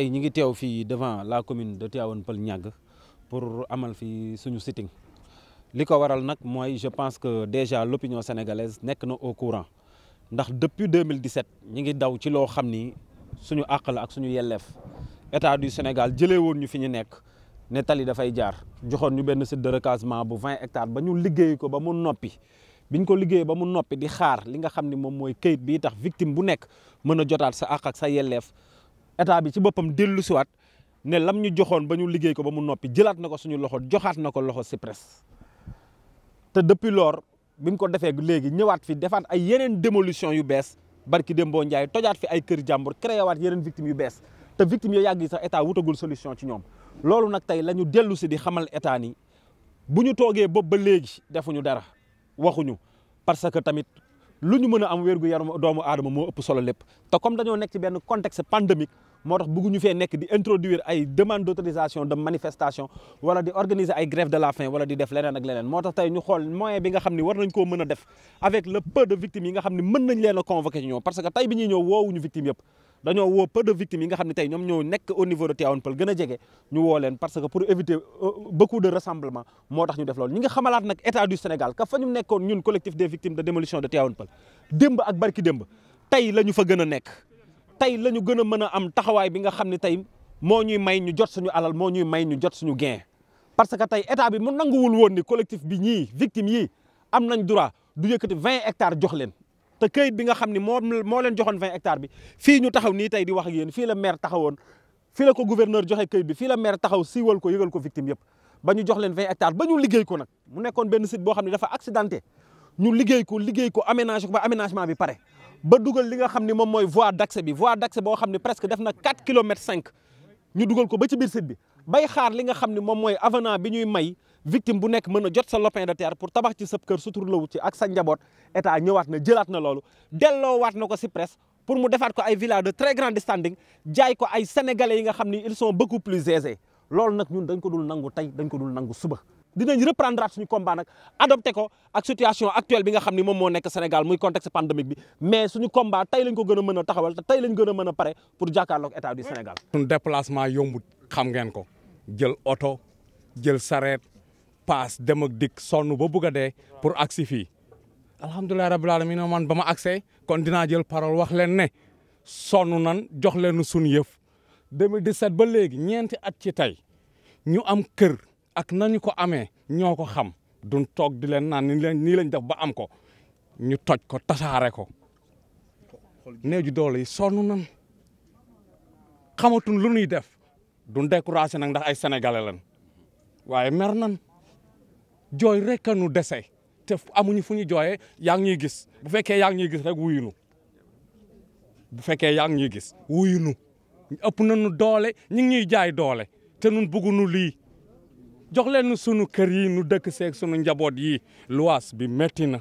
tey ñi ngi teew fi devant la commune de Tivaouane Peulh Niague pour amal fi suñu sitting liko waral nak moy je pense que déjà l'opinion sénégalaise nek na au courant ndax depuis 2017 ñi ngi daw ci lo xamni suñu akal ak suñu yellef état du Sénégal jëlé won ñu fi ñu nekk ne tali fay jaar joxone ñu benn site de recasement bu 20 hectares ba ñu liggéey ko ba mu nopi biñ ko liggéey ba mu nopi di xaar li nga xamni mom moy mooy bi tax victime bu nek mëna a jotaat sa àq ak sa yellef état bi ci boppam dellu siwaat ne lam ñu joxoon ba ñu liggéey ko ba mu noppi jëlaat na ko suñu loxo joxaat na ko loxo si CIPRES te depuis lors bi mu ko defee léegi ñëwaat fi defaat ay yeneen démolition yu bees barki Dembo Ndiaye tojaat fi ay kër jàmbur créé waat yeneen victimes yu bees te victimes yooyu yàgg yi sax état wutagul solution ci ñoom loolu nag tey lañu ñu dellu si di xamal état ni bu ñu toogee bopp ba léegi defuñu dara waxuñu parce que tamit lu ñu mën am wërgu yaram doomu adama mo ëpp solo lepp te comme dañu nekk ci benn contexte pandémique motax bëggu bëgguñu fee nekk di introduire ay demande d'autorisation de manifestation wala di organiser ay grève de la faim wala di def leneen ak leneen motax tay ñu xol moyen bi nga xamni war nañ ko mëna def avec le peu de victimes yi nga xamni ne mën nañ leen convoquer ci parce que tay bi ñi ñëw woowuñu victimes yëpp dañoo woo peu de victimes yi nga xam ne tey ñoom ñoo nekk au niveau de Tiaounpel gën a jege ñu woo leen parce que pour éviter euh, beaucoup de rassemblement moo tax ñu def loolu ñi nga xamalaat nag état du Sénégal ka fa ñu nekkoon ñun collectif des victimes de démolition de Tiaounpel démb ak barki démb tey la ñu fa gën a nekk tey la ñu gën a mën a am taxawaay bi nga xam ne tey moo ñuy may ñu jot suñu alal moo ñuy may ñu jot suñu gain parce que tey état bi mu nanguwul woon ni collectif bi ñii victimes yii am nañ droit du yëkkati 20 hectares jox leen te keuyit bi nga xamni mo mo len joxone 20 vingt hectares bi fi ñu taxaw ni tay di wax ak yéen fi la maire taxawoon fi la ko gouverneur joxe keuyit bi fi la maire taxaw siiwal ko yëgal ko victime yep ba ñu jox len 20 hectares ba ñu liggey ko nak mu nekkon ben site bo xamni dafa accidenté ñu liggey ko liggey ko aménager ko ba aménagement bi pare ba duggal li nga xamni mom moy voie d'accès bi voie d'accès bo xamni presque def na 4 km 5 ñu duggal ko ba ci bir site bi bay xaar li nga xamni mom moy avenant bi ñuy may victime bu nekk mën a jot sa lopin de terre pour tabax ci sa kër suturlawu ci ak sa njaboot état ñëwaat na jëlaat na loolu delloowaat na ko si presse pour mu defaat ko ay village de très grande standing jaay ko ay sénégalais yi nga xam ni ils sont beaucoup plus aisés loolu nag ñun dañ ko dul nangu tey dañ ko dul nangu suba. dinañ reprendre suñu combat nag adopté ko ak situation actuelle bi nga xam ni moom moo nekk Sénégal muy contexte pandémique bi mais suñu combat tey lañ ko gën a mën a taxawal te tey lañ gën mën a pare pour jàkkaarloog état du Sénégal. suñu déplacement yombut xam ngeen ko jël oto jël paas dem ak dikk sonn ba bugg a dee pour si fii alhamdulilah rabbil alamin man ba ma agsee kon dinaa jël parole wax leen ne sonn nan jox leen sun yëf set ba léegi ñeenti at ci tey ñu am kër ak nañu ko amee ñoo ko xam duñ toog di leen naan ni leen nii lañ def ba am ko ñu toj ko tasaare ko néew ji doole yi sonn nan xamatuñ lu ñuy def duñ découragé nag ndax ay senegale lañ waaye mer nan jooy rek a nu dese te amuñu fu ñu jooyee yaa ngi ñuy gis bu fekkee yaa ngi ñuy gis rek wuyunu bu fekkee yaa ngi ñuy gis wuyunu ëpp nañu doole ñu ngi ñuy jaay doole te nun bëggunu lii jox leen sunu kër yi nu dëkk seeg sunu njaboot yi luwaas bi metti na